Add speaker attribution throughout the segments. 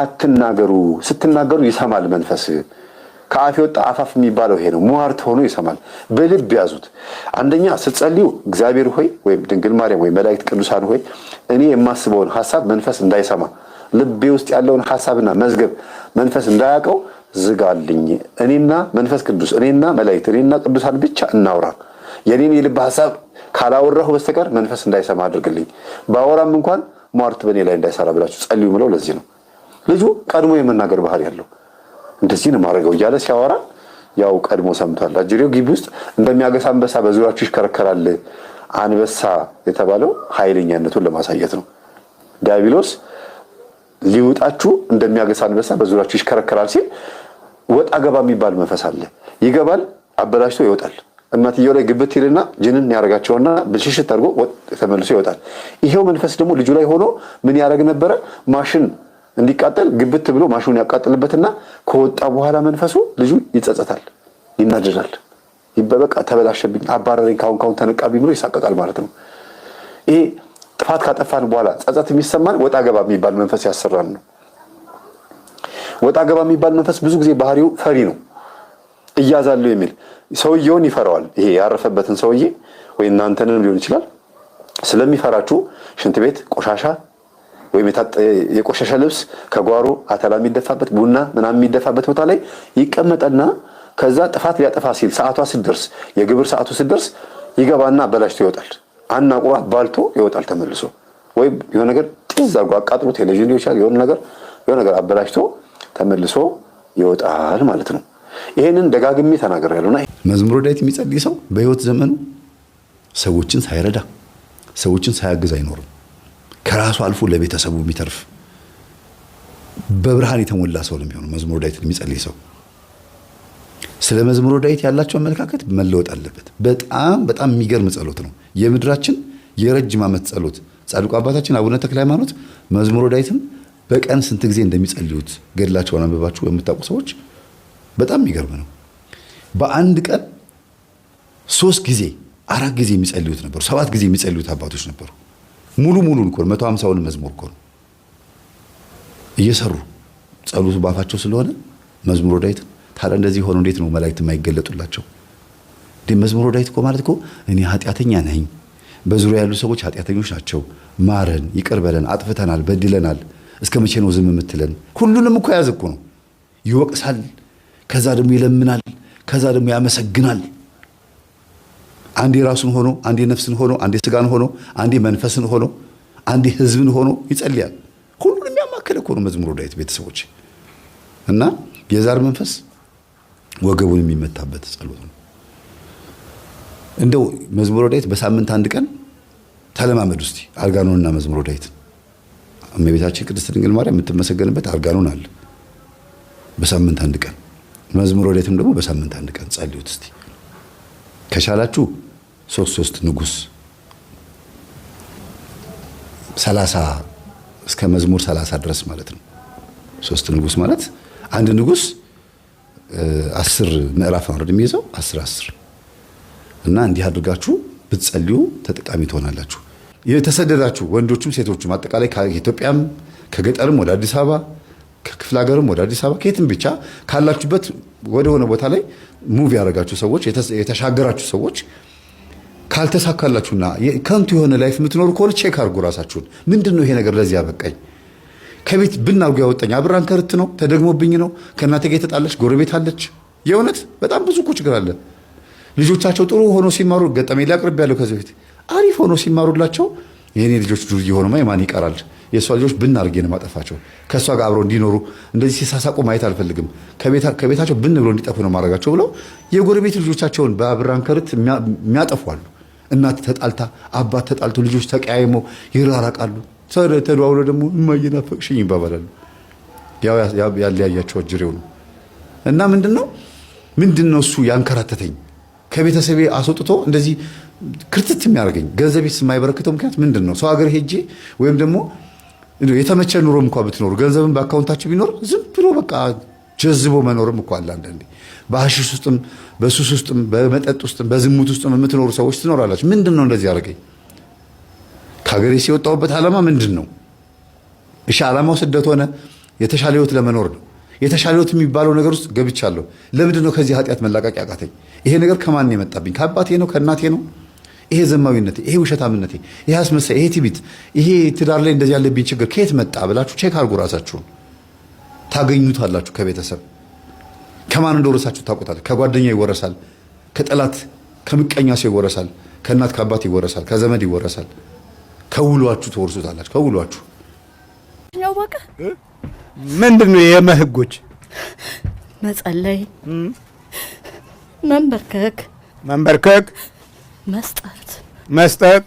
Speaker 1: አትናገሩ። ስትናገሩ ይሰማል መንፈስ። ከአፍ የወጣ አፋፍ የሚባለው ይሄ ነው። ሟርት ሆኖ ይሰማል። በልብ ያዙት። አንደኛ ስትጸልዩ እግዚአብሔር ሆይ ወይም ድንግል ማርያም ወይም መላእክት ቅዱሳን ሆይ እኔ የማስበውን ሀሳብ መንፈስ እንዳይሰማ ልቤ ውስጥ ያለውን ሀሳብና መዝገብ መንፈስ እንዳያውቀው ዝጋልኝ። እኔና መንፈስ ቅዱስ እኔና መላእክት እኔና ቅዱሳን ብቻ እናውራ። የኔን የልብ ሀሳብ ካላወራሁ በስተቀር መንፈስ እንዳይሰማ አድርግልኝ። ባወራም እንኳን ሟርት በእኔ ላይ እንዳይሰራ ብላችሁ ጸልዩ ምለው ለዚህ ነው። ልጁ ቀድሞ የመናገር ባህሪ ያለው እንደዚህ ነው ማድረገው እያለ ሲያወራ ያው ቀድሞ ሰምቷል። አጅሬው ግቢ ውስጥ እንደሚያገሳ አንበሳ በዙሪያችሁ ይሽከረከራል። አንበሳ የተባለው ኃይለኛነቱን ለማሳየት ነው። ዲያብሎስ ሊውጣችሁ እንደሚያገሳ አንበሳ በዙሪያችሁ ይሽከረከራል ሲል ወጣ ገባ የሚባል መንፈስ አለ። ይገባል፣ አበላሽቶ ይወጣል። እናትየው ላይ ግብት ይልና ጅንን ያደርጋቸውና ብልሽሽት አድርጎ ተመልሶ ይወጣል። ይሄው መንፈስ ደግሞ ልጁ ላይ ሆኖ ምን ያደርግ ነበረ? ማሽን እንዲቃጠል ግብት ብሎ ማሽኑን ያቃጥልበትና ከወጣ በኋላ መንፈሱ ልጁ ይጸጸታል፣ ይናደዳል። በቃ ተበላሸብኝ፣ አባረረኝ፣ ካሁን ካሁን ተነቃብኝ ብሎ ይሳቀቃል ማለት ነው። ይሄ ጥፋት ካጠፋን በኋላ ጸጸት የሚሰማን ወጣ ገባ የሚባል መንፈስ ያሰራን ነው። ወጣ ገባ የሚባል መንፈስ ብዙ ጊዜ ባህሪው ፈሪ ነው። እያዛለሁ የሚል ሰውየውን ይፈራዋል። ይሄ ያረፈበትን ሰውዬ ወይ እናንተንም ሊሆን ይችላል ስለሚፈራችሁ ሽንት ቤት ቆሻሻ ወይም የቆሸሸ ልብስ ከጓሮ አተላ የሚደፋበት ቡና ምናምን የሚደፋበት ቦታ ላይ ይቀመጠና ከዛ ጥፋት ሊያጠፋ ሲል ሰዓቷ ስትደርስ የግብር ሰዓቱ ስትደርስ ይገባና አበላሽቶ ይወጣል። አናቁሮ አባልቶ ይወጣል ተመልሶ ወይም የሆነ ነገር ጢዝ አርጎ አቃጥሎ ቴሌቪዥን ሊሆን ይችላል የሆነ ነገር የሆነ ነገር አበላሽቶ ተመልሶ ይወጣል ማለት ነው። ይሄንን ደጋግሜ ተናገር ያለውና መዝሙረ ዳዊት የሚጸልይ ሰው በህይወት ዘመኑ ሰዎችን ሳይረዳ ሰዎችን ሳያግዝ አይኖርም። ከራሱ አልፎ ለቤተሰቡ የሚተርፍ በብርሃን የተሞላ ሰው ነው የሚሆነው መዝሙረ ዳዊትን የሚጸልይ ሰው። ስለ መዝሙረ ዳዊት ያላቸው አመለካከት መለወጥ አለበት። በጣም በጣም የሚገርም ጸሎት ነው። የምድራችን የረጅም ዓመት ጸሎት ጻድቁ አባታችን አቡነ ተክለ ሃይማኖት መዝሙረ ዳዊትን በቀን ስንት ጊዜ እንደሚጸልዩት ገድላቸውን አንብባችሁ የምታውቁ ሰዎች በጣም የሚገርም ነው። በአንድ ቀን ሶስት ጊዜ አራት ጊዜ የሚጸልዩት ነበሩ። ሰባት ጊዜ የሚጸልዩት አባቶች ነበሩ። ሙሉ ሙሉ እኮ ነው። መቶ ሀምሳውን መዝሙር እኮ ነው እየሰሩ ጸሎቱ ባፋቸው ስለሆነ መዝሙር ዳዊት ታዲያ እንደዚህ ሆኖ እንዴት ነው መላእክት የማይገለጡላቸው? መዝሙር ዳዊት እኮ ማለት እኮ እኔ ኃጢአተኛ ነኝ፣ በዙሪያ ያሉ ሰዎች ኃጢአተኞች ናቸው፣ ማረን፣ ይቅር በለን፣ አጥፍተናል፣ በድለናል፣ እስከ መቼ ነው ዝም የምትለን? ሁሉንም እኮ የያዝ እኮ ነው። ይወቅሳል፣ ከዛ ደግሞ ይለምናል፣ ከዛ ደግሞ ያመሰግናል። አንዴ ራሱን ሆኖ አንዴ ነፍስን ሆኖ አንዴ ስጋን ሆኖ አንዴ መንፈስን ሆኖ አንዴ ህዝብን ሆኖ ይጸልያል። ሁሉን የሚያማከለ እኮ ነው መዝሙሩ ዳዊት። ቤተሰቦች እና የዛር መንፈስ ወገቡን የሚመታበት ጸሎት ነው። እንደው መዝሙረ ዳዊት በሳምንት አንድ ቀን ተለማመድ ውስጥ አርጋኖንና መዝሙረ ዳዊት እመቤታችን ቅድስት ድንግል ማርያም የምትመሰገንበት አርጋኖን አለ። በሳምንት አንድ ቀን መዝሙረ ዳዊትም ደግሞ በሳምንት አንድ ቀን ጸልዩት እስቲ ከቻላችሁ ሶስት ሶስት ንጉስ ሰላሳ እስከ መዝሙር ሰላሳ ድረስ ማለት ነው። ሶስት ንጉስ ማለት አንድ ንጉስ አስር ምዕራፍ ነው የሚይዘው አስር አስር እና እንዲህ አድርጋችሁ ብትጸልዩ ተጠቃሚ ትሆናላችሁ። የተሰደዳችሁ ወንዶችም ሴቶችም አጠቃላይ ከኢትዮጵያም ከገጠርም ወደ አዲስ አበባ ከክፍለ ሀገርም ወደ አዲስ አበባ ከየትም ብቻ ካላችሁበት ወደ ሆነ ቦታ ላይ ሙቭ ያደረጋችሁ ሰዎች የተሻገራችሁ ሰዎች ካልተሳካላችሁና ከንቱ የሆነ ላይፍ የምትኖሩ ከሆነ ቼክ አርጉ ራሳችሁን። ምንድን ነው ይሄ ነገር ለዚህ ያበቃኝ? ከቤት ብን አድርጎ ያወጣኝ አብራን ከርት ነው ተደግሞብኝ ነው። ከእናተ ጋር የተጣለች ጎረቤት አለች። የእውነት በጣም ብዙ እኮ ችግር አለ። ልጆቻቸው ጥሩ ሆኖ ሲማሩ ገጠሜ ሊያቅርብ ያለው ከዚህ በፊት አሪፍ ሆኖ ሲማሩላቸው የእኔ ልጆች ዱር ሆነማ የማን ይቀራል? የእሷ ልጆች ብን ነው ማጠፋቸው። ከእሷ ጋር አብረው እንዲኖሩ እንደዚህ ሲሳሳቁ ማየት አልፈልግም። ከቤታቸው ብን ብሎ እንዲጠፉ ነው ማድረጋቸው ብለው የጎረቤት ልጆቻቸውን በአብራን ከርት የሚያጠፏሉ። እናት ተጣልታ አባት ተጣልቶ ልጆች ተቀያይሞ ይራራቃሉ። ተደዋውሎ ደግሞ እማዬ ናፈቅሽኝ ይባባላሉ። ያው ያለያያቸው ጅሬው ነው እና ምንድን ነው ምንድን ነው እሱ ያንከራተተኝ ከቤተሰቤ አስወጥቶ እንደዚህ ክርትት የሚያደርገኝ ገንዘቤ የማይበረክተው ምክንያት ምንድን ነው? ሰው ሀገር ሄጄ ወይም ደግሞ የተመቸ ኑሮ እንኳ ብትኖሩ ገንዘብን በአካውንታቸው ቢኖር ዝም ብሎ በቃ ጀዝቦ መኖርም እኮ አለ። አንዳንዴ በሐሺሽ ውስጥም በሱስ ውስጥም በመጠጥ ውስጥም በዝሙት ውስጥም የምትኖሩ ሰዎች ትኖራላችሁ። ምንድን ነው እንደዚህ ያደረገኝ? ከሀገሬ የወጣሁበት ዓላማ ምንድን ነው? እሺ ዓላማው ስደት ሆነ፣ የተሻለ ህይወት ለመኖር ነው። የተሻለ ህይወት የሚባለው ነገር ውስጥ ገብቻለሁ። ለምንድን ነው ከዚህ ኃጢአት መላቀቅ ያቃተኝ? ይሄ ነገር ከማን የመጣብኝ? ከአባቴ ነው? ከእናቴ ነው? ይሄ ዘማዊነት ይሄ ውሸታምነት ይሄ አስመሳይ፣ ይሄ ትቢት፣ ይሄ ትዳር ላይ እንደዚህ ያለብኝ ችግር ከየት መጣ ብላችሁ ቼክ አድርጉ ራሳችሁን። ታገኙታላችሁ። ከቤተሰብ ከማን እንደወረሳችሁ ታውቁታላችሁ። ከጓደኛ ይወረሳል፣ ከጠላት ከምቀኛ ሰው ይወረሳል፣ ከእናት ከአባት ይወረሳል፣ ከዘመድ ይወረሳል። ከውሏችሁ ተወርሱታላችሁ። ከውሏችሁ ነው ምንድን ነው የመህጎች
Speaker 2: መጸለይ፣ መንበርከክ፣ መንበርከክ፣ መስጠት፣
Speaker 3: መስጠት፣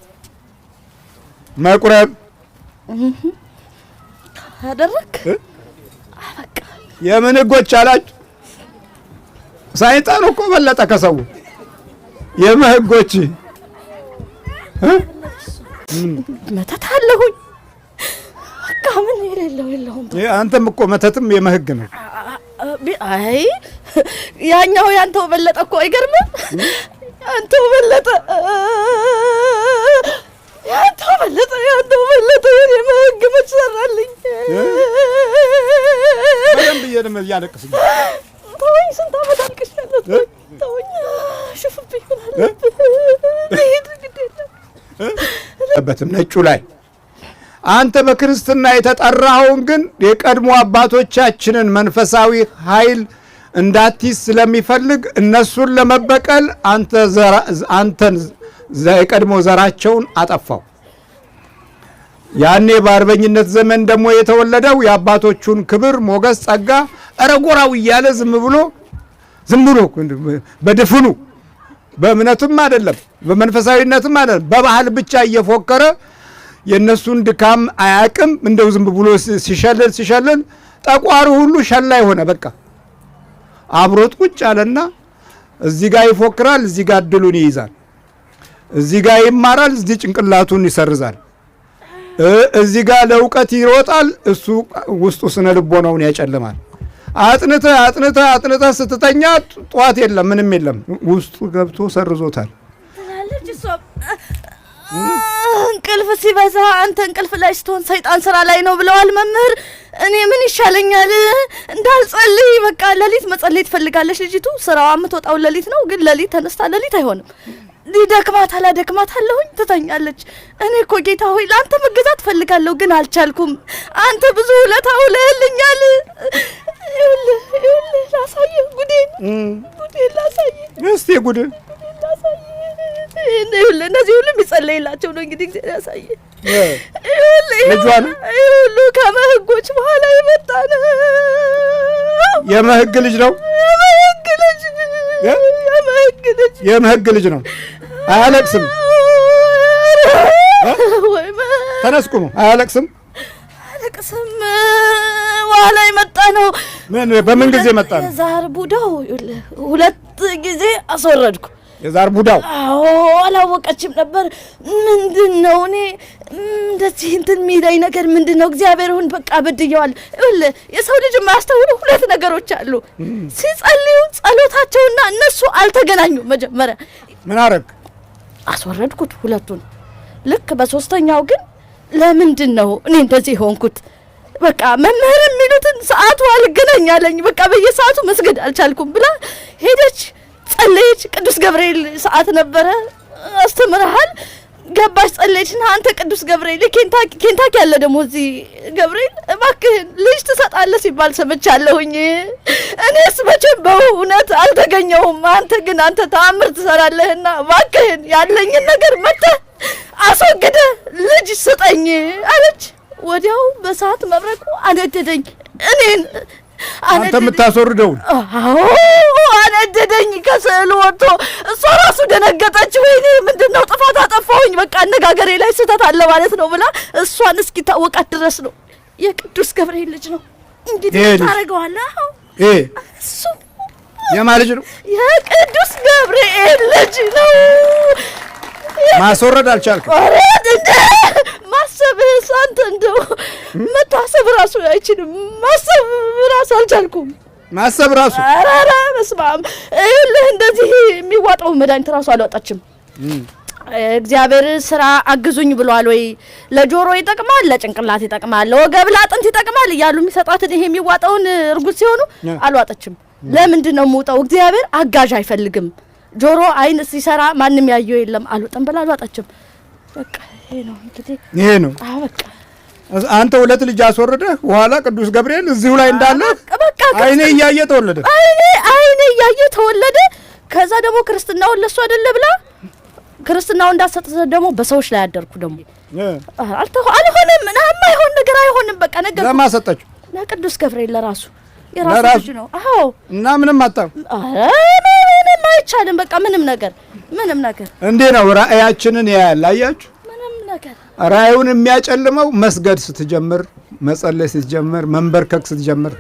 Speaker 3: መቁረብ አደረክ የምን ህጎች አላችሁ? ሳይጣን እኮ በለጠ ከሰው የምን ህጎች
Speaker 2: መተት አለሁኝ። በቃ ምን የሌለው የለውም።
Speaker 3: አንተም እኮ መተትም የመህግ ነው።
Speaker 2: አይ ያኛው ያንተው በለጠ እኮ አይገርምም? ያንተው በለጠ ያንተው በለጠ ያንተው በለጠ የመህግ መች ሰራልኝ በደንብ
Speaker 3: እየደም እያለቅስ
Speaker 2: ተወኝ። ስንት ዓመት አልቅሻለሁ። ተወኝ፣ ሽፍብኝ
Speaker 3: በትም ነጩ ላይ አንተ በክርስትና የተጠራኸውን ግን የቀድሞ አባቶቻችንን መንፈሳዊ ኃይል እንዳትይዝ ስለሚፈልግ እነሱን ለመበቀል አንተን የቀድሞ ዘራቸውን አጠፋው። ያኔ በአርበኝነት ዘመን ደግሞ የተወለደው የአባቶቹን ክብር፣ ሞገስ፣ ጸጋ ረጎራው እያለ ዝም ብሎ ዝም ብሎ በድፍኑ በእምነትም አይደለም በመንፈሳዊነትም አይደለም በባህል ብቻ እየፎከረ የእነሱን ድካም አያቅም። እንደው ዝም ብሎ ሲሸልል ሲሸልል ጠቋሪ ሁሉ ሸላ የሆነ በቃ አብሮት ቁጭ አለና እዚህ ጋር ይፎክራል፣ እዚህ ጋር እድሉን ይይዛል፣ እዚህ ጋር ይማራል፣ እዚህ ጭንቅላቱን ይሰርዛል። እዚህ ጋር ለእውቀት ይሮጣል። እሱ ውስጡ ስነ ልቦናውን ያጨልማል። አጥንተ አጥንተ አጥንተ ስትተኛ ጠዋት የለም ምንም የለም። ውስጡ ገብቶ ሰርዞታል።
Speaker 2: እንቅልፍ ሲበዛ አንተ እንቅልፍ ላይ ስትሆን ሰይጣን ስራ ላይ ነው ብለዋል መምህር። እኔ ምን ይሻለኛል? እንዳልጸልይ በቃ ሌሊት መጸለይ ትፈልጋለች ልጅቱ። ስራዋ የምትወጣው ሌሊት ነው፣ ግን ሌሊት ተነስታ ሌሊት አይሆንም ሊደክማታል አደክማታለሁኝ ትተኛለች። እኔ እኮ ጌታ ሆይ ለአንተ መገዛት ፈልጋለሁ፣ ግን አልቻልኩም። አንተ ብዙ ውለታ ውለህልኛል። ይኸውልህ ይኸውልህ ላሳየህ ጉዴን ጉዴን ላሳየህ እስቲ ጉዴን ላሳየህ። ይኸውልህ እነዚህ ሁሉ የሚጸለይላቸው ነው እንግዲህ ጊዜ ያሳየህ ልጇን ሁሉ ከመህጎች በኋላ የመጣ ነው።
Speaker 4: የመህግ ልጅ ነው። የመህግ ልጅ ነው።
Speaker 3: አያለቅስም። ተነስቁሙ። አያለቅስም።
Speaker 2: በኋላ የመጣ ነው።
Speaker 3: ምን በምን ጊዜ መጣ ነው?
Speaker 2: ዛር ቡዳው ሁለት ጊዜ
Speaker 3: አስወረድኩ። የዛር ቡዳው
Speaker 2: አዎ፣ አላወቀችም ነበር። ምንድን ነው እኔ እንደዚህ እንትን የሚለኝ ነገር ምንድን ነው? እግዚአብሔር ሁን በቃ በድየዋል። ይኸውልህ የሰው ልጅ የማያስተውሉ ሁለት ነገሮች አሉ፣ ሲጸልዩ ጸሎታቸውና እነሱ አልተገናኙም። መጀመሪያ ምን አረግ አስወረድኩት ሁለቱን። ልክ በሶስተኛው ግን ለምንድን ነው እኔ እንደዚህ የሆንኩት? በቃ መምህር የሚሉትን ሰዓቱ አልገናኛለኝ በቃ በየሰዓቱ መስገድ አልቻልኩም ብላ ሄደች። ጸለየች። ቅዱስ ገብርኤል ሰዓት ነበረ አስተምረሃል ገባሽ እና አንተ ቅዱስ ገብርኤል ኬንታኪ ኬንታኪ ያለ ደግሞ እዚህ ገብርኤል እባክህን ልጅ ትሰጣለህ ሲባል ሰምቻለሁኝ። እኔስ መቼም በእውነት አልተገኘሁም። አንተ ግን አንተ ተአምር ትሰራለህና እባክህን ያለኝን ነገር መተህ አስወግደህ ልጅ ስጠኝ አለች። ወዲያው በሰዓት መብረቁ አነደደኝ እኔን አንተ የምታስወርደውን። አዎ አነደደኝ። ከስዕሉ ወጥቶ እሷ ራሱ ደነገጠች። ወይኔ ምንድን ነው ጥፋት አጠፋሁኝ፣ በቃ አነጋገሬ ላይ ስህተት አለ ማለት ነው ብላ እሷን እስኪታወቃት ድረስ ነው። የቅዱስ ገብርኤል ልጅ ነው። እንግዲህ ታደርገዋለህ። እሱ የማ ልጅ ነው? የቅዱስ ገብርኤል ልጅ ነው። ማስወረድ አልቻልክም። ማሰብ አንተ እንደው መታሰብ ራሱ አይችልም። ማሰብ ራሱ አልቻልኩም። ማሰብ ራሱ ኧረ በስመ አብ ይኸውልህ፣ እንደዚህ የሚዋጣው መድኃኒት ራሱ አልወጣችም። እግዚአብሔር ስራ አግዙኝ ብሏል ወይ ለጆሮ ይጠቅማል፣ ለጭንቅላት ይጠቅማል፣ ለወገብ ለአጥንት ይጠቅማል እያሉ የሚሰጧትን ይሄ የሚዋጣውን እርጉዝ ሲሆኑ አልዋጠችም። ለምንድን ነው የምውጠው? እግዚአብሔር አጋዥ አይፈልግም። ጆሮ አይን ሲሰራ ማንም ያየው የለም አሉ። ብላ አልወጣችም። በቃ ይሄ ነው እንግዲህ ይሄ ነው። አዎ በቃ
Speaker 3: አንተ ሁለት ልጅ አስወርደህ በኋላ ቅዱስ ገብርኤል እዚሁ ላይ እንዳለ አይኔ እያየ
Speaker 2: ተወለደ፣ አይኔ አይኔ እያየ ተወለደ። ከዛ ደግሞ ክርስትናውን ለሱ አይደለ ብላ ክርስትናውን እንዳሰጠ ደግሞ በሰዎች ላይ ያደርኩ ደግሞ አልተሆ አልሆነም ምናምን ይሆን ነገር አይሆንም። በቃ ነገር ለማ ሰጠችው? ለቅዱስ ገብርኤል ለራሱ የራሱ ልጅ ነው። አዎ እና ምንም አጣው አጣ ምንም አይቻልም። በቃ ምንም ነገር ምንም ነገር
Speaker 3: እንዴ ነው። ራእያችንን ያያል። አያችሁ፣ ምንም ነገር ራእዩን የሚያጨልመው መስገድ ስትጀምር፣ መጸለይ ስትጀምር፣ መንበርከክ ስትጀምር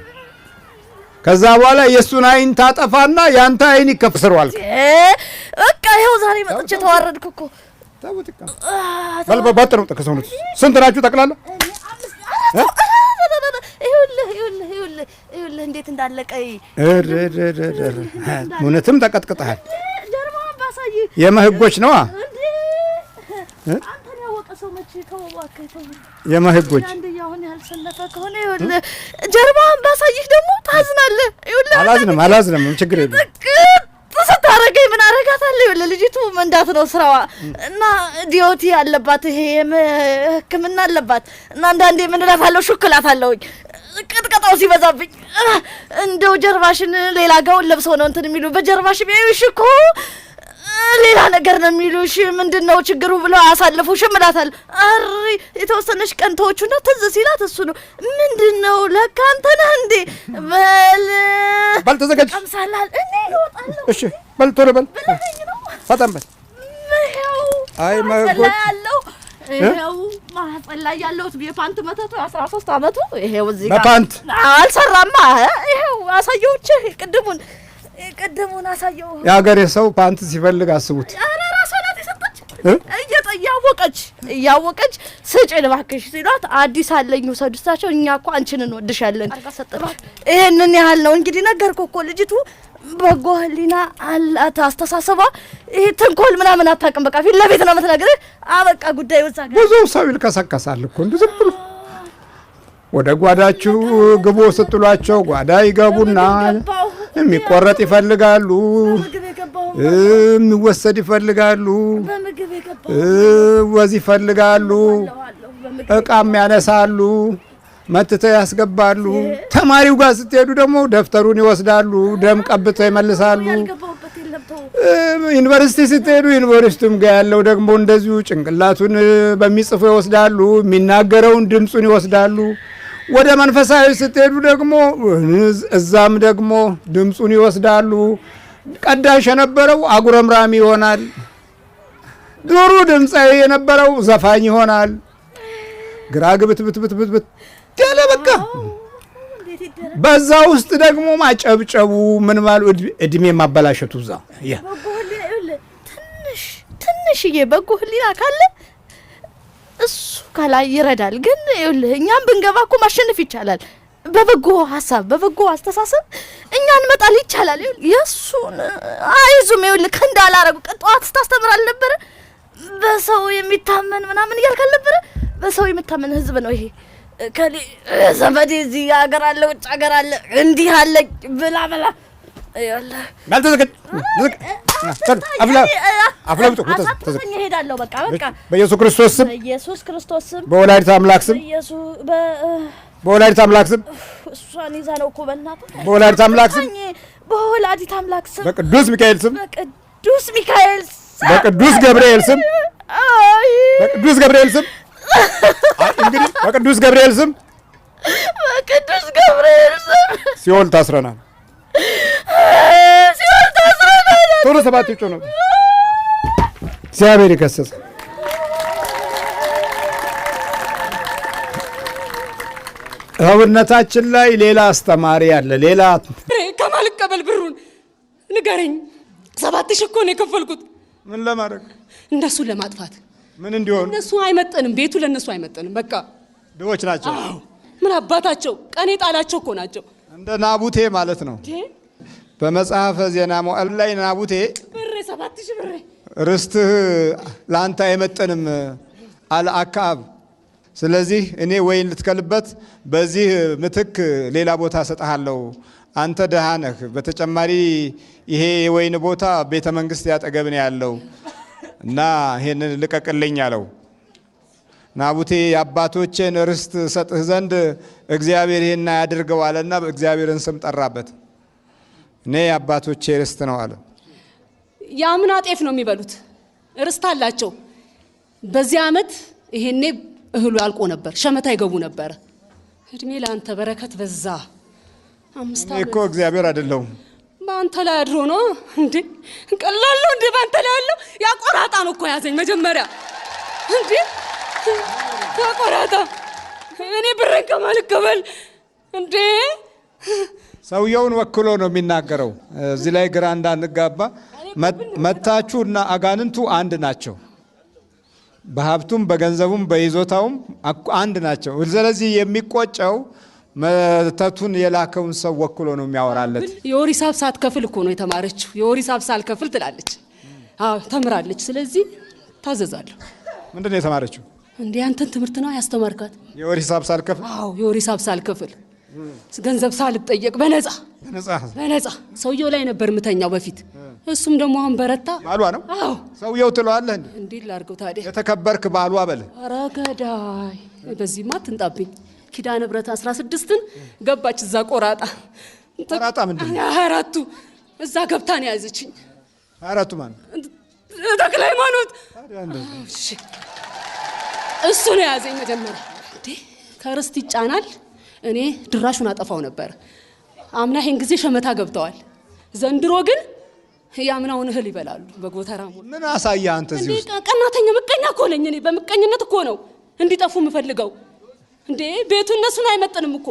Speaker 3: ከዛ በኋላ የእሱን አይን ታጠፋና ያንተ አይን ይከፍስሯል።
Speaker 2: በቃ ይኸው ዛሬ መጥቼ ተዋረድኩ እኮ። በጥሩ ስንት ናችሁ ጠቅላላ? ይኸውልህ ይኸውልህ ይኸውልህ እንዴት እንዳለቀ
Speaker 3: እውነትም ተቀጥቅጠሃል። ጀርባውን
Speaker 2: ባሳይህ የመህጎች ነዋ። አንተን ያወቀ ሰው መቼ የመህጎች ያልሰለፈ ከሆነ ይኸውልህ ጀርባውን ባሳይህ ደግሞ ታዝናለህ። ይኸውልህ አላዝንም አላዝንም፣ ችግር የለም ስታረገኝ ምን አረጋታለሁ? ይኸውልህ ልጅቱ መንዳት ነው ስራዋ እና ዲዮቲ አለባት፣ ይሄ ሕክምና አለባት እና አንዳንዴ ምን እላታለሁ ቅጥቀጣው ሲበዛብኝ እንደው ጀርባሽን ሌላ ጋውን ለብሰው ነው እንትን የሚሉ በጀርባሽ ቢያዩሽ እኮ ሌላ ነገር ነው የሚሉሽ። ምንድን ነው ችግሩ ብለው አሳልፉሽም እላታለሁ። አሪ የተወሰነች ቀን ተዎቹና ትዝ ሲላት እሱ ነው። ምንድን ነው ለካ አንተ ነህ እንዴ? በል በል ተዘጋጅ፣ ቀምሳላል። እኔ እወጣለሁ።
Speaker 3: እሺ በል ቶሎ በል ፈጠን በል።
Speaker 2: አይ መጎ ያለው ይሄው ማህፀን ላይ ያለሁት የፓንት መተቱ አስራ አመቱ ይሄው እዚህ ጋር በፓንት አልሰራማ። ቅድሙን ቅድሙን አሳየሁ። የሀገሬ
Speaker 3: ሰው ፓንት ሲፈልግ አስቡት።
Speaker 2: ኧረ እራሷ ናት የሰጠች እያወቀች እያወቀች ስጭን እባክሽ ሲሏት አዲስ አለኝ ውሰዱ እሳቸው እኛ እኮ አንቺን እንወድሻለን። ይሄንን ያህል ነው እንግዲህ ነገርኩህ እኮ ልጅቱ በጎ ህሊና አላት። አስተሳሰቧ ይህ ትንኮል ምናምን አታውቅም። በቃ ፊት ለቤት ነው የምትነግርህ። አበቃ ጉዳይ ወዛ ብዙ ሰው
Speaker 3: ይልቀሰቀሳል እኮ እንዲ ዝም ብሎ ወደ ጓዳችሁ ግቡ ስትሏቸው ጓዳ ይገቡና የሚቆረጥ ይፈልጋሉ፣ የሚወሰድ ይፈልጋሉ፣ ወዝ ይፈልጋሉ፣ እቃም ያነሳሉ። መትተው ያስገባሉ። ተማሪው ጋር ስትሄዱ ደግሞ ደብተሩን ይወስዳሉ፣ ደም ቀብተው ይመልሳሉ። ዩኒቨርሲቲ ስትሄዱ ዩኒቨርሲቲም ጋር ያለው ደግሞ እንደዚሁ ጭንቅላቱን በሚጽፉ ይወስዳሉ፣ የሚናገረውን ድምፁን ይወስዳሉ። ወደ መንፈሳዊ ስትሄዱ ደግሞ እዛም ደግሞ ድምፁን ይወስዳሉ። ቀዳሽ የነበረው አጉረምራሚ ይሆናል። ዶሩ ድምፃዊ የነበረው ዘፋኝ ይሆናል። ግራ ግብት ብት ብት ብት ግድ በቃ። በዛ ውስጥ ደግሞ ማጨብጨቡ ምን ባሉ እድሜ ማበላሸቱ እዛ
Speaker 2: ትንሽዬ በጎ ህሊና ካለ እሱ ካላ ይረዳል። ግን ይኸውልህ እኛም ብንገባ እኮ ማሸነፍ ይቻላል። በበጎ ሀሳብ በበጎ አስተሳሰብ እኛን መጣል ይቻላል። የእሱን አይዙም ይኸውልህ ከእንዳ አላረጉ ጠዋት ስታስተምር አልነበረ በሰው የሚታመን ምናምን እያልክ አልነበረ። በሰው የሚታመን ህዝብ ነው ይሄ። ሰንበዴ እዚህ ሀገር አለ፣ ውጭ ሀገር አለ፣ እንዲህ አለ ብላ ብላ እሄዳለሁ። በቃ በቃ በኢየሱስ ክርስቶስ ስም በኢየሱስ ክርስቶስ ስም በወላዲተ አምላክ ስም
Speaker 3: በወላዲተ አምላክ ስም
Speaker 2: እሷን ይዛ ነው እኮ በእናትህ በወላዲተ አምላክ ስም በወላዲተ አምላክ ስም
Speaker 3: በቅዱስ ሚካኤል ስም
Speaker 2: በቅዱስ ሚካኤል ስም በቅዱስ ገብርኤል ስም
Speaker 3: በቅዱስ ገብርኤል ስም እንግዲህ በቅዱስ ገብርኤል ስም
Speaker 2: በቅዱስ ገብርኤል ስም
Speaker 3: ሲኦል ታስረናል።
Speaker 2: ሲኦል ታስረናል። ቶሎ
Speaker 3: ሰባት ይጮህ ነበር። እግዚአብሔር ይከሰሰ እውነታችን ላይ ሌላ አስተማሪ አለ። ሌላ
Speaker 5: ከማልቀበል ብሩን ንገረኝ። ሰባት ሺህ እኮ ነው የከፈልኩት። ምን ለማድረግ? እንደሱ ለማጥፋት ምን እንዲሆን እነሱ አይመጠንም፣ ቤቱ ለእነሱ አይመጠንም። በቃ ድሆች ናቸው። ምን አባታቸው ቀኔ ጣላቸው እኮ ናቸው።
Speaker 3: እንደ ናቡቴ ማለት ነው። በመጽሐፈ ዜና መዋዕል ላይ ናቡቴ ርስትህ ለአንተ አይመጠንም አለ ስለዚህ እኔ ወይን ልትከልበት በዚህ ምትክ ሌላ ቦታ ሰጠሃለሁ። አንተ ደሃ ነህ። በተጨማሪ ይሄ የወይን ቦታ ቤተ መንግስት ያጠገብን ያለው እና ይሄንን ልቀቅልኝ አለው። ናቡቴ የአባቶቼን ርስት ሰጥህ ዘንድ እግዚአብሔር ይሄን ያድርገው አለና እግዚአብሔርን ስም ጠራበት። እኔ የአባቶቼ ርስት ነው አለ።
Speaker 5: የአምና ጤፍ ነው የሚበሉት፣ ርስት አላቸው። በዚህ ዓመት ይሄኔ እህሉ ያልቆ ነበር፣ ሸመታ ይገቡ ነበር። እድሜ ለአንተ በረከት በዛ። እኔ እኮ
Speaker 3: እግዚአብሔር አይደለሁም
Speaker 5: በአንተ ላይ አድሮ ነው እንዴ? ቀላል ነው እንዴ? በአንተ ላይ ያለው ያቆራጣ ነው እኮ ያዘኝ መጀመሪያ እንዴ ያቆራጣ። እኔ ብሬን ከማልቀበል እንዴ
Speaker 3: ሰውየውን ወክሎ ነው የሚናገረው። እዚህ ላይ ግራ እንዳንጋባ፣ መታችሁ እና አጋንንቱ አንድ ናቸው። በሀብቱም በገንዘቡም በይዞታውም አንድ ናቸው። ስለዚህ የሚቆጨው መተቱን የላከውን ሰው ወክሎ ነው የሚያወራለት።
Speaker 5: የወር ሂሳብ ሳትከፍል እኮ ነው የተማረችው። የወር ሂሳብ ሳልከፍል ትላለች፣ ተምራለች። ስለዚህ ታዘዛለሁ።
Speaker 3: ምንድን ነው የተማረችው?
Speaker 5: እንዲህ አንተን ትምህርት ነው ያስተማርካት?
Speaker 3: የወር ሂሳብ ሳልከፍል?
Speaker 5: አዎ፣ የወር ሂሳብ ሳልከፍል ገንዘብ ሳልጠየቅ በነጻ በነጻ። ሰውየው ላይ ነበር ምተኛው በፊት። እሱም ደግሞ አሁን በረታ። ባሏ ነው? አዎ። ሰውየው ትለዋለህ እንዴ?
Speaker 3: ላድርገው ታዲያ? የተከበርክ ባሏ በለ። ኧረ
Speaker 5: ገዳይ፣ በዚህማ አትንጣብኝ። ኪዳነ ብረት 16ን ገባች እዛ ቆራጣ ቆራጣ ምንድን ነው አራቱ እዛ ገብታን ያዘችኝ። አራቱ ማን ተክለ ሃይማኖት እሱ ነው የያዘኝ መጀመሪያ። ከርስት ይጫናል። እኔ ድራሹን አጠፋው ነበር። አምና ይሄን ጊዜ ሸመታ ገብተዋል። ዘንድሮ ግን ያምናውን እህል ይበላሉ። በጎተራ ምን
Speaker 3: አሳያ አንተ እዚህ
Speaker 5: ቀናተኛ ምቀኛ እኮ ነኝ እኔ። በምቀኝነት እኮ ነው እንዲጠፉ የምፈልገው። እንዴ ቤቱ እነሱን አይመጥንም እኮ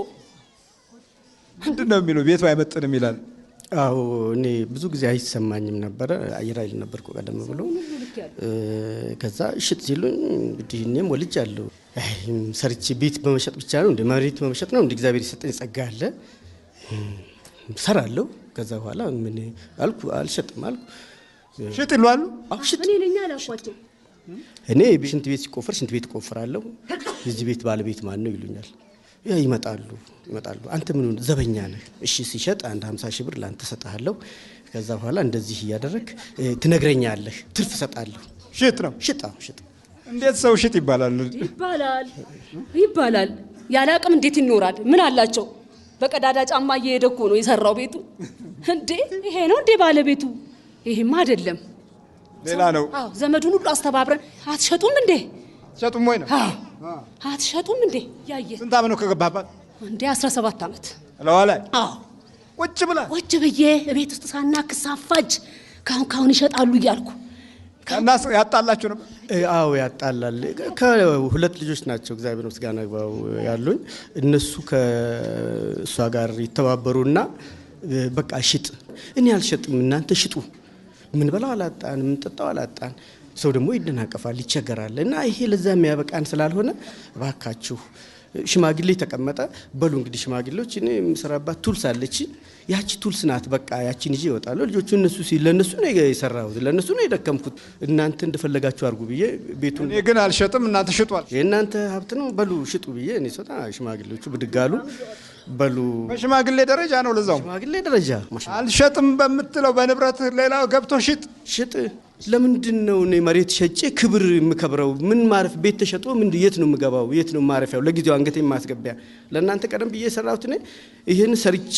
Speaker 4: ምንድን ነው የሚለው? ቤቱ አይመጥንም ይላል። አዎ እኔ ብዙ ጊዜ አይሰማኝም ነበረ። አየር አይል ነበርኩ ቀደም ብሎ። ከዛ እሽት ሲሉኝ እንግዲህ እኔም ወልጅ አለሁ ሰርቼ ቤት በመሸጥ ብቻ ነው እንደ መሬት በመሸጥ ነው እንደ እግዚአብሔር የሰጠኝ ጸጋ አለ ሰራለሁ። ከዛ በኋላ ምን አልኩ፣ አልሸጥም አልኩ። ሽጥ ይሏሉ ሽጥ
Speaker 5: አላኳቸው እኔ
Speaker 4: ሽንት ቤት ሲቆፈር ሽንት ቤት እቆፍራለሁ። የዚህ ቤት ባለቤት ማን ነው ይሉኛል። ያ ይመጣሉ ይመጣሉ። አንተ ምን ዘበኛ ነህ? እሺ ሲሸጥ አንድ 50 ሺህ ብር ለአንተ ሰጣለሁ ከዛ በኋላ እንደዚህ እያደረግ ትነግረኛለህ፣ ትርፍ ሰጣለሁ። ሽጥ ነው ሽጥ ሽጥ። እንዴት ሰው ሽጥ ይባላል
Speaker 5: ይባላል ይባላል። ያለ አቅም እንዴት ይኖራል? ምን አላቸው? በቀዳዳ ጫማ እየሄደ እኮ ነው የሰራው ቤቱ። እንዴ ይሄ ነው እንዴ ባለቤቱ? ይሄማ አይደለም። ሌላ ነው። ዘመዱን ሁሉ አስተባብረን አትሸጡም እንዴ? አትሸጡም ወይ ነው? አትሸጡም እንዴ? ያየ ስንት ዓመት ነው ከገባባት? እንዴ 17 ዓመት ለዋለ ቁጭ ብላ ቁጭ ብዬ እቤት ውስጥ ሳና ክሳፋጅ ካሁን ካሁን ይሸጣሉ እያልኩ እናስ
Speaker 4: ያጣላችሁ ነበር? አዎ ያጣላል። ከሁለት ልጆች ናቸው እግዚአብሔር ምስጋና ይግባው ያሉኝ። እነሱ ከእሷ ጋር ይተባበሩና በቃ ሽጥ፣ እኔ አልሸጥም እናንተ ሽጡ ምንበላው አላጣን፣ ምንጠጣው አላጣን። ሰው ደግሞ ይደናቀፋል፣ ይቸገራል። እና ይሄ ለዛ የሚያበቃን ስላልሆነ እባካችሁ ሽማግሌ ተቀመጠ በሉ እንግዲህ ሽማግሌዎች፣ እኔ የምሰራባት ቱልስ አለች፣ ያቺ ቱልስ ናት። በቃ ያቺን ይዤ ይወጣሉ ልጆቹ እነሱ ሲል ለእነሱ ነው የሰራሁት፣ ለእነሱ ነው የደከምኩት። እናንተ እንደፈለጋችሁ አድርጉ ብዬ ቤቱን እኔ ግን አልሸጥም፣ እናንተ ሽጧል፣ የእናንተ ሀብት ነው በሉ ሽጡ ብዬ እኔ ሰጣ ሽማግሌዎቹ ብድጋሉ። በሉ በሽማግሌ ደረጃ ነው። ለዛው ሽማግሌ ደረጃ አልሸጥም በምትለው በንብረት ሌላ ገብቶ ሽጥ ሽጥ። ለምንድን ነው እኔ መሬት ሸጬ ክብር የምከብረው? ምን ማረፍ ቤት ተሸጦ ምን የት ነው የምገባው? የት ነው ማረፊያው? ለጊዜው አንገቴ ማስገቢያ ለእናንተ ቀደም ብዬ የሰራሁት እኔ ይህን ሰርቼ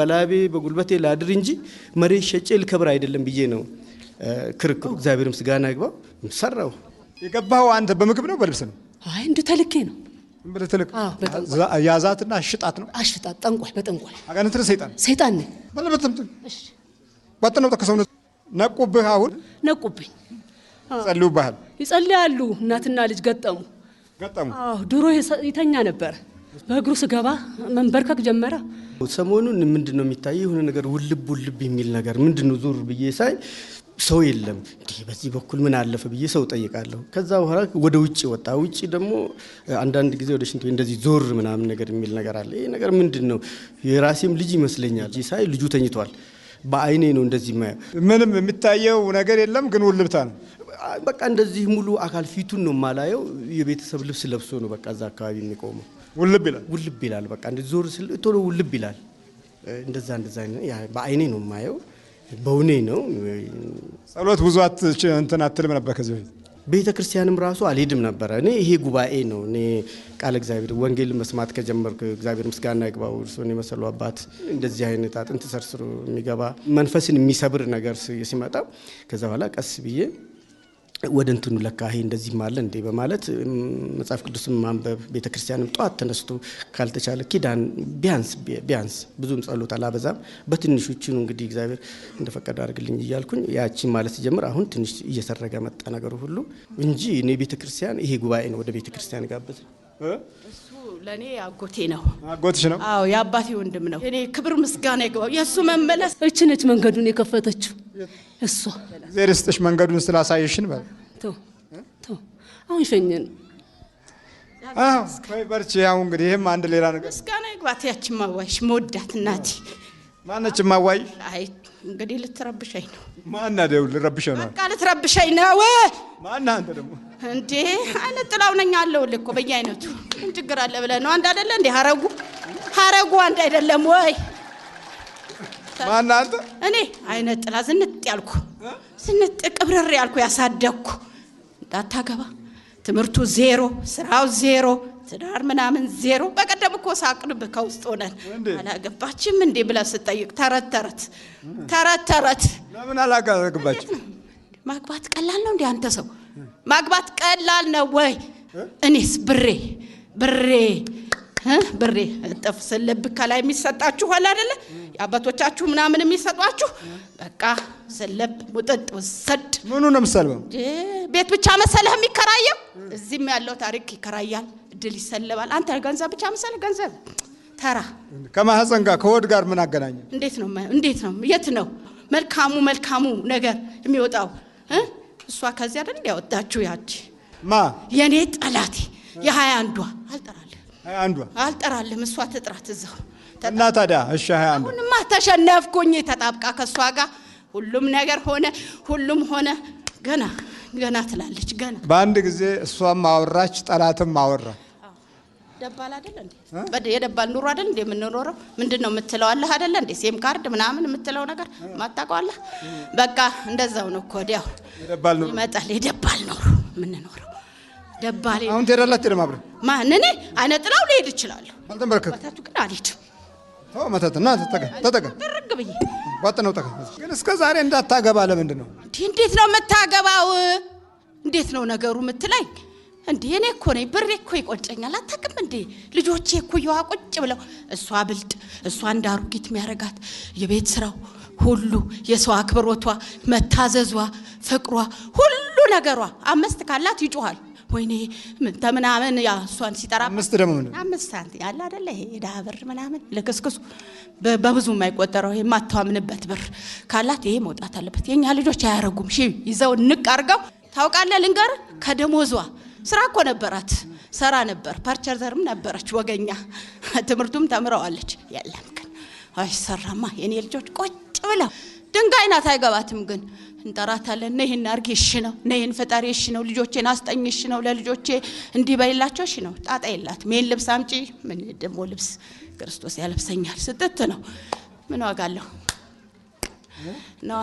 Speaker 4: በላቤ በጉልበቴ ላድር እንጂ መሬት ሸጬ ልከብር አይደለም ብዬ ነው ክርክሩ። እግዚአብሔርም ምስጋና ይግባው ሰራው። የገባኸው አንተ በምግብ ነው በልብስ ነው? አይ እንደ ተልኬ ነው ብለህ ትልቅ
Speaker 3: ያዛትና አሽጣት ነው አሽጣት። ጠንቋይ በጠንቋይ አጋንንት ነህ፣ ሰይጣን ሰይጣን ነህ። ባለበትም ባጥነው ተከሰውነት ነቁብህ። አሁን ነቁብኝ። ይጸልዩብሃል።
Speaker 5: ይጸልያሉ። እናትና ልጅ ገጠሙ ገጠሙ። አዎ ድሮ ይተኛ ነበር። በእግሩ ስገባ መንበርከክ ጀመረ።
Speaker 4: ሰሞኑን ምንድን ነው የሚታየው? የሆነ ነገር ውልብ ውልብ የሚል ነገር ምንድን ነው? ዞር ብዬ ሳይ ሰው የለም። እንዲህ በዚህ በኩል ምን አለፈ ብዬ ሰው ጠይቃለሁ። ከዛ በኋላ ወደ ውጭ ወጣ። ውጭ ደግሞ አንዳንድ ጊዜ ወደ ሽንት እንደዚህ ዞር ምናምን ነገር የሚል ነገር አለ። ይህ ነገር ምንድን ነው? የራሴም ልጅ ይመስለኛል። ሳይ ልጁ ተኝቷል። በአይኔ ነው እንደዚህ ማየው። ምንም የሚታየው ነገር የለም፣ ግን ውልብታ ነው። በቃ እንደዚህ ሙሉ አካል ፊቱን ነው የማላየው። የቤተሰብ ልብስ ለብሶ ነው በቃ እዛ አካባቢ የሚቆመው። ውልብ ይላል፣ ውልብ ይላል። በቃ ዞር ስል ቶሎ ውልብ ይላል። እንደዛ እንደዛ በአይኔ ነው የማየው። በውኔ ነው። ጸሎት ብዙ እንትን አትልም ነበር ከዚህ በፊት ቤተ ክርስቲያንም ራሱ አልሄድም ነበረ። እኔ ይሄ ጉባኤ ነው። እኔ ቃል እግዚአብሔር ወንጌል መስማት ከጀመርኩ እግዚአብሔር ምስጋና ይግባው እርሱን የመሰሉ አባት እንደዚህ አይነት አጥንት ሰርስሮ የሚገባ መንፈስን የሚሰብር ነገር ሲመጣ ከዛ በኋላ ቀስ ብዬ ወደ እንትኑ ለካ ይሄ እንደዚህ ማለ እንዴ በማለት መጽሐፍ ቅዱስን ማንበብ ቤተ ክርስቲያንም ጠዋት ተነስቶ ካልተቻለ ኪዳን ቢያንስ ቢያንስ ብዙም ጸሎት አላበዛም በትንሹ እንግዲህ እግዚአብሔር እንደፈቀደ አድርግልኝ እያልኩኝ ያቺን ማለት ሲጀምር አሁን ትንሽ እየሰረገ መጣ ነገሩ ሁሉ እንጂ እኔ ቤተ ክርስቲያን ይሄ ጉባኤ ነው ወደ ቤተ ክርስቲያን ጋብዝ እሱ
Speaker 6: ለእኔ አጎቴ ነው። አጎትሽ ነው? አዎ የአባቴ ወንድም ነው። እኔ ክብር ምስጋና ይገባው የእሱ መመለስ እችነች መንገዱን የከፈተችው እሷ
Speaker 3: እግዜር ይስጥሽ መንገዱን ስላሳየሽን። በል አሁን ሸኘን። ወይ በርቺ። ያው እንግዲህ ይህም አንድ ሌላ ነገር ምስጋና
Speaker 6: ይግባት። ያችን ማዋይሽ መወዳት እናቴ
Speaker 3: ማነች? ማዋይሽ
Speaker 6: አይ እንግዲህ ልትረብሸኝ ነው።
Speaker 3: ማና ደው ልረብሸው ነው። በቃ
Speaker 6: ልትረብሸኝ ነው።
Speaker 3: ማና አንተ ደግሞ
Speaker 6: እንዴ አይነት ጥላው ነኝ አለው እኮ በየአይነቱ ምን ችግር አለ ብለህ ነው። አንድ አይደለ እንዴ ሀረጉ ሀረጉ አንድ አይደለም ወይ? ማናንተ እኔ አይነ ጥላ ዝንጥ ያልኩ ዝንጥ ቅብርር ያልኩ ያሳደግኩ እንዳታገባ ትምህርቱ ዜሮ፣ ስራው ዜሮ፣ ትዳር ምናምን ዜሮ። በቀደም እኮ ሳቅንብህ ከውስጥ ሆነን አላገባችም እንዴ ብለህ ስጠይቅ ተረት ተረት
Speaker 3: ተረት ተረት ለምን አላገባችም?
Speaker 6: ማግባት ቀላል ነው እንዴ? አንተ ሰው ማግባት ቀላል ነው ወይ? እኔስ ብሬ ብሬ ብሬ እጥፍ ስልብህ ከላይ የሚሰጣችሁ ኋላ አይደለ አባቶቻችሁ ምናምን የሚሰጧችሁ በቃ ስልብ ሙጥጥ ውሰድ ምኑ ነው ምሳል ቤት ብቻ መሰለህ የሚከራየው እዚህም ያለው ታሪክ ይከራያል እድል ይሰልባል አንተ ገንዘብ ብቻ መሰለህ ገንዘብ ተራ
Speaker 3: ከማህፀን ጋር ከወድ ጋር ምን አገናኘ
Speaker 6: እንዴት ነው እንዴት ነው የት ነው መልካሙ መልካሙ ነገር የሚወጣው እሷ ከዚህ አይደል ያወጣችሁ ያቺ ማ የኔ ጠላቴ የሀያ አንዷ አልጠራ አንዷ አልጠራልም። እሷ ትጥራት እዛው
Speaker 3: እና ታዲያ እሺ፣ ሀያ አንዷ
Speaker 6: አሁንማ ተሸነፍኩኝ። ተጣብቃ ከእሷ ጋር ሁሉም ነገር ሆነ፣ ሁሉም ሆነ። ገና ገና
Speaker 3: ትላለች ገና በአንድ ጊዜ እሷም አወራች፣ ጠላትም አወራ።
Speaker 6: ደባል አደለ እንዴ? የደባል ኑሮ አይደል እንዴ የምንኖረው? ምንድን ነው የምትለው? አለህ አይደለ እንዴ? ሴም ካርድ ምናምን የምትለው ነገር ማታውቀው በቃ እንደዛው ነው እኮ ወዲያው ይመጣል። የደባል ኑሮ የምንኖረው ደባሌ አሁን ትሄዳላችሁ ደግሞ አብረን ማን እኔ አይነ ጥላው ልሄድ እችላለሁ
Speaker 3: አልተንበረከክ መተቱ ግን አልሄድም ተው መተት እና ተጠጋ ተጠጋ ጥርግ ብዬ ዋጥ ነው ጠጋ ግን እስከ ዛሬ እንዳታገባ ለምንድን ነው
Speaker 6: እንዴ እንዴት ነው የምታገባው እንዴት ነው ነገሩ የምትለኝ እንዴ እኔ እኮ ነኝ ብሬ እኮ ይቆጨኛል አታውቅም እንዴ ልጆቼ እኮ የዋ ቁጭ ብለው እሷ ብልጥ እሷ እንደ አሮጊት የሚያረጋት የቤት ስራው ሁሉ የሰው አክብሮቷ መታዘዟ ፍቅሯ ሁሉ ነገሯ አምስት ካላት ይጮኋል ወይኔ ተምናምን ያ እሷን ሲጠራ አምስት ደግሞ አምስት ሳንቲም አለ አደለ ይሄ የድሀ ብር ምናምን ልክስክሱ በብዙ የማይቆጠረው የማተዋምንበት ብር ካላት ይሄ መውጣት አለበት። የእኛ ልጆች አያረጉም። ሺ ይዘው ንቅ አርገው ታውቃለ ልንገር ከደሞዟ ስራ እኮ ነበራት ሰራ ነበር። ዘርም ነበረች ወገኛ ትምህርቱም ተምረዋለች። የለም ግን አይሰራማ የኔ ልጆች ቆጭ ብለው ድንጋይ ናት አይገባትም ግን እንጠራታለን። ነይ ይህን አርጊ፣ እሺ ነው። ነይ ይህን ፈጣሪ፣ እሺ ነው። ልጆቼን አስጠኝ፣ እሺ ነው። ለልጆቼ እንዲህ በሌላቸው፣ እሺ ነው። ጣጣ የላት ሜን ልብስ አምጪ፣ ምን ደግሞ ልብስ ክርስቶስ ያለብሰኛል ስጥት ነው። ምን ዋጋ አለው ነዋ።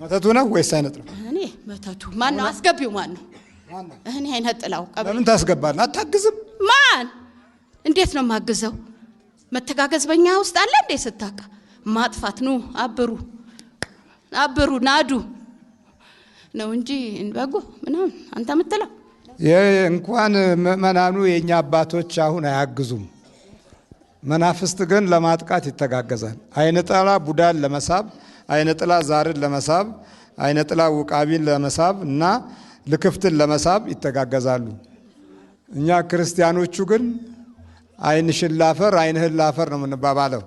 Speaker 3: መተቱ ነው ወይስ አይነት ነው?
Speaker 6: እኔ መተቱ ማን ነው? አስገቢው ማን ነው? እኔ አይነት ጥላው ምን ታስገባል? አታግዝም? ማን እንዴት ነው የማግዘው? መተጋገዝ በእኛ ውስጥ አለ እንዴ? ስታቃ ማጥፋት ኑ አብሩ አብሩ ናዱ ነው እንጂ በጎ ምናምን አንተ ምትለው
Speaker 3: እንኳን ምእመናኑ የእኛ አባቶች አሁን አያግዙም። መናፍስት ግን ለማጥቃት ይተጋገዛል። አይነ ጥላ ቡዳን ለመሳብ፣ አይነ ጥላ ዛርን ለመሳብ፣ አይነ ጥላ ውቃቢን ለመሳብ እና ልክፍትን ለመሳብ ይተጋገዛሉ። እኛ ክርስቲያኖቹ ግን አይን ሽላፈር አይንህን ላፈር ነው የምንባባለው።